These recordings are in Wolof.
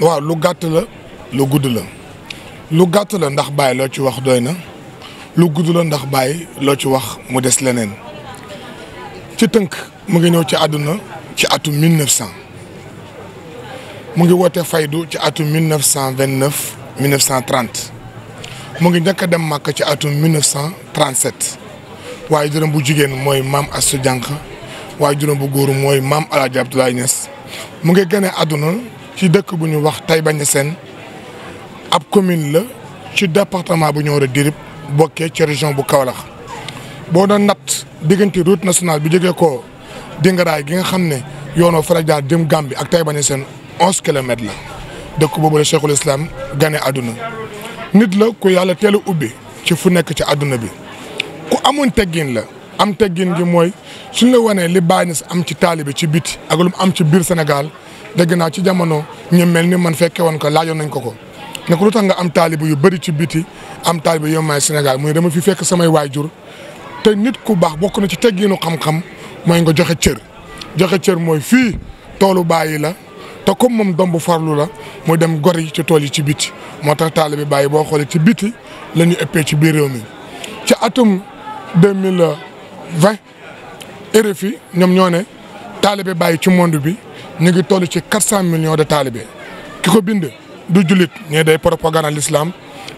waaw lu gàtt la lu gudd la lu gàtt la ndax bàyyi loo ci wax doy na lu gudd la ndax bàyyi loo ci wax mu des leneen ci tënk mu ngi ñëw ci àdduna ci atum 1900 mu ngi woote faydu ci atum 1929 1930 mu ngi njëkk dem màkk ci atum 1937 waaye juróom bu jigéen mooy maam Astou Diankha waaye juróom bu góor mooy maam El Hadj Abdoulaye Niass mu ngi gane àdduna ci dëkk bu ñu wax Taïba Niassène ab commune la ci département bu ñëw rek Dirib bokkee ci région bu Kaolack boo doon natt diggante route nationale bi jógee ko Dingaraay gi nga xam ne yoonoo faral jaar jëm bi ak Taïba Niassène onze kilomètres la dëkk boobu la Cheikhul Islam gane àdduna nit la ku yàlla teelu ubbi ci fu nekk ci àdduna bi ku amoon teggin la am teggin gi mooy suñ la wanee li bàyyi am ci taalibe ci biti ak lu mu am ci biir Sénégal dégg naa ci jamono ñu mel ni man fekkee woon ko laajoon nañ ko ko ne ko lu tax nga am taalibe yu bëri ci biti am taalibe yu may Sénégal mu ne dama fi fekk samay waajur te nit ku baax bokk na ci teggiinu xam-xam mooy nga joxe cër joxe cër mooy fii toolu bàyyi la te comme moom domb farlu la muy dem gor yi ci tool yi ci biti moo tax taalibe bàyyi boo xoolee ci biti lañu ñu ëppee ci biir réew mi ci atum deux mille vingt fi ñoom ñoo ne taalibe bàyyi ci monde bi. ñu ngi toll ci quatre cent millions de taalibe ki ko bind du jullit ñee day propagande l'islam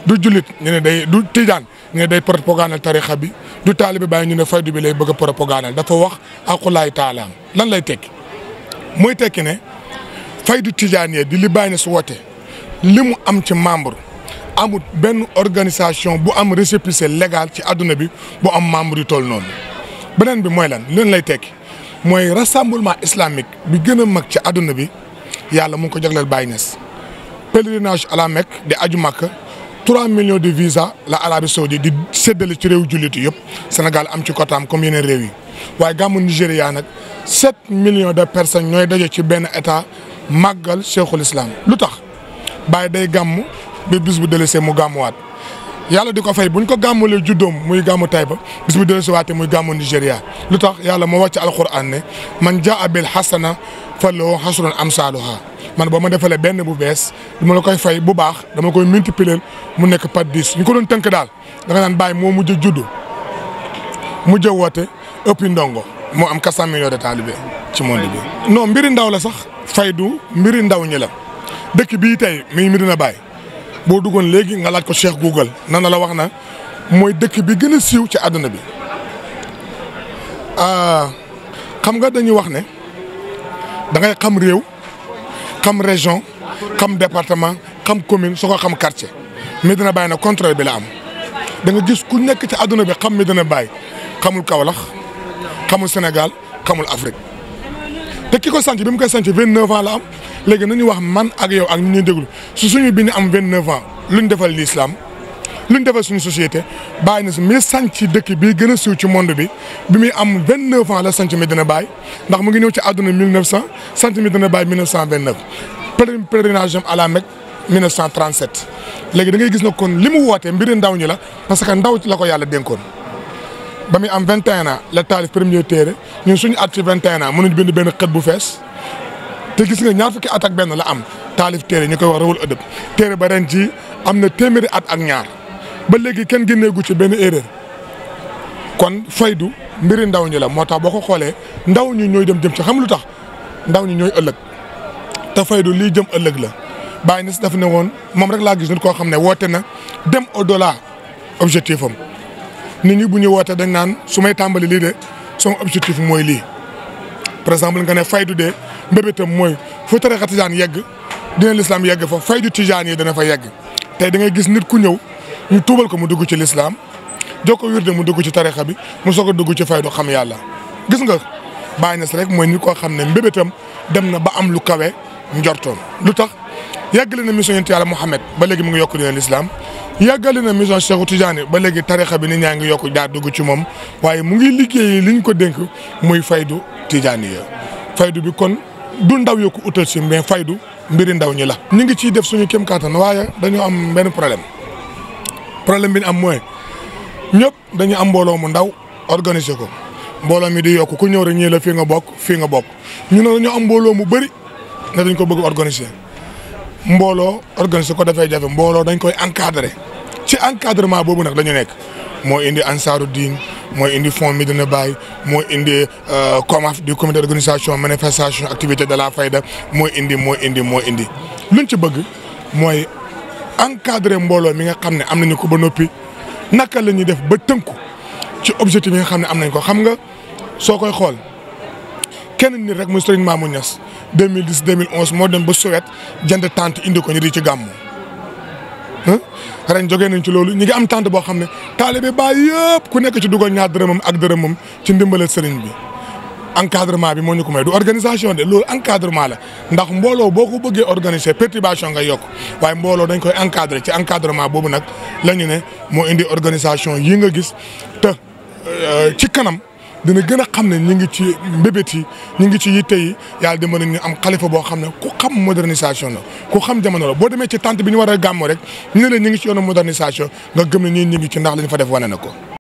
du jullit ñu ne day du tijaan ñu ne day propagandal tarixa bi du taalibe bàyyi ñu ne faydu bi lay bëgg a propagandal dafa wax aqulaay taalaan lan lay tekki mooy tekki ne fay du tijaan yee di li bàyyi ne su woote li mu am ci membre amul benn organisation bu am récépissé légal ci àdduna bi bu am membre yu toll noonu beneen bi mooy lan leen lay tekk mooy rassemblement islamique bi gën mag ci àdduna bi yàlla mu ngi ko jagleel Baye Niass pèlerinage à la Mecque di aju Makka trois millions de visa la Arabie Saoudite di séddale ci réew jullit yëpp Sénégal am ci kotaam comme yeneen réew yi waaye gàmmu Nigéria nag sept million de personnes ñooy daje ci benn état màggal cheikhul islam lu tax Baye day gàmm ba bis bu delesee mu gàmmuwaat yàlla di ko fay bu ñu ko gàmmalee juddoom muy gàmmu Taïba bis bu dellu si waatee muy gàmmu Nigéria lu tax yàlla moo wàcc alquran ne man jaa bil hasana falahu hasrun amsaluha man boo ma defalee benn bu bees dama la koy fay bu baax dama koy multiplier mu nekk par dix ñu ko doon tënk daal da nga naan bàyyi moo mujj juddu mujj woote ëppi ndongo moo am 400 millions de talibé ci monde bi. non mbiri ndaw la sax faydu mbiri ndaw ñi la dëkk bii tey mi ngi Medina Baye boo duggoon léegi nga laaj ko Cheikh Google na la wax na mooy dëkk bi gën a siiw ci àdduna bi ah, xam nga dañuy wax ne dangay ngay xam réew xam région xam département xam commune soo ko xam quartier Medina Baye na contraire bi la am danga nga gis ku nekk ci àdduna bi xam Medina Baye xamul Kaolack xamul Sénégal xamul Afrique te ki ko sanc bi mu koy sanc vingt neuf ans la am léegi nañu wax man ak yow ak ñu ñuy déglu su suñu bi ñu am vingt neuf ans luñ defal l'islam luñ defal suñu societé baa na si mi sanc dëkk bi gën a siiw ci monde bi bi muy am vingt neuf ans la sanc Medina Baye ndax mu ngi ñëw ci àdduna mille neuf cent sanc Medina Baye mille neuf cent vingt neuf pèlerinage am à la Mecque 1937 léegi da ngay gis na kon li mu wootee mbiri ndaw ñi la parce que ndaw la ko yàlla dénkoon ba muy am vingt ans la taalif premier téere ñun suñu at ci 21 ans mënuñ bind benn xët bu fees te gis nga ñaar fukki at ak benn la am taalif téere ñu koy wax rawul ëdëb téere ba ren ji am na téeméeri at ak ñaar ba léegi kenn génneegu ci benn erreur kon faydu mbiri ndaw ñi la moo tax boo ko xoolee ndaw ñi ñooy dem jëm ci xam lu tax ndaw ñi ñooy ëllëg te faydu lii jëm ëllëg la Baye Niass daf ne woon moom rek laa gis nit koo xam ne woote na dem au-delà objectif am nit ñi bu ñu wootee dañ naan sumay tàmbali lii de son objectif mooy lii par exemple nga ne faydu de mbébétam mooy fu tarixa jaan yegg dina lislaam yegg fa faydu tijaan yi dana fa yegg te da ngay gis nit ku ñëw ñu tuubal ko mu dugg ci lislaam jox ko wirde mu dugg ci tarixa bi mu soog a dugg ci fay faydu xam yàlla gis nga bàyyi na si rek mooy nit koo xam ne mbébétam dem na ba am lu kawe njortoon yàggale na mission yonent yàlla Muhammad ba léegi mu ngi yokk diine l'islam yàggale na mission Cheikh Tidiane ba léegi tarixa bi nit ñaa ngi yokk jaar dugg ci moom waaye mu ngi liggéey li ñu ko dénk muy faydu Tidiane ya faydu bi kon du ndaw yoo ko utal si mais faydu mbiri ndaw ñi la. ñu ngi ciy def suñu kéem kattan waaye dañoo am benn problème problème bi ñu am mooy ñëpp dañu am mbooloo mu ndaw organiser ko mbooloo mi di yokk ku ñëw rek ñii la fii nga bokk fii nga bokk ñu ne dañoo am mbooloo mu bëri ne dañ ko bëgg organiser. mbooloo organiser ko dafay jafe mbooloo dañ koy encadrer ci encadrement boobu nag la nekk moo indi ansaaru diin mooy indi fond Medina Baye mooy indi euh, COMAF du comité d'organisation manifestation activité de la fayda mooy indi mooy indi moo indi luñ ci bëgg mooy encadrer mbooloo mi nga xam ne am nañu ko ba noppi naka la ñuy def ba tënku ci objectif yi nga xam ne am nañ ko xam nga soo koy xool kenn nit rek muy Serigne Mamou Niass 2010 2011 moo dem ba Suède jënd tente indi ko ñu di ci gàmmu. ren jógee nañ ci loolu ñu ngi am tente boo xam ne taalibe baay yëpp ku nekk ci dugal ñaar dërëmam ak dërëmam ci ndimbalal sëriñ bi. encadrement bi moo ñu ko may du organisation de loolu encadrement la ndax mbooloo boo ko bëggee organiser perturbation nga yokk waaye mbooloo dañ koy encadrer ci encadrement boobu nag la ñu ne moo indi organisation yi nga gis te euh, ci kanam. dina gën a xam ne ñu ngi ci mbébét yi ñu ngi ci yitte yi yàlla dama ñu am xalifa boo xam ne ku xam modernisation la ku xam jamono la boo demee ci tante bi ñu war a gàmmoo rek ñu ne leen ñu ngi ci yoonu modernisation nga gëm ne ñii ñu ngi ci ndax li fa def wane na ko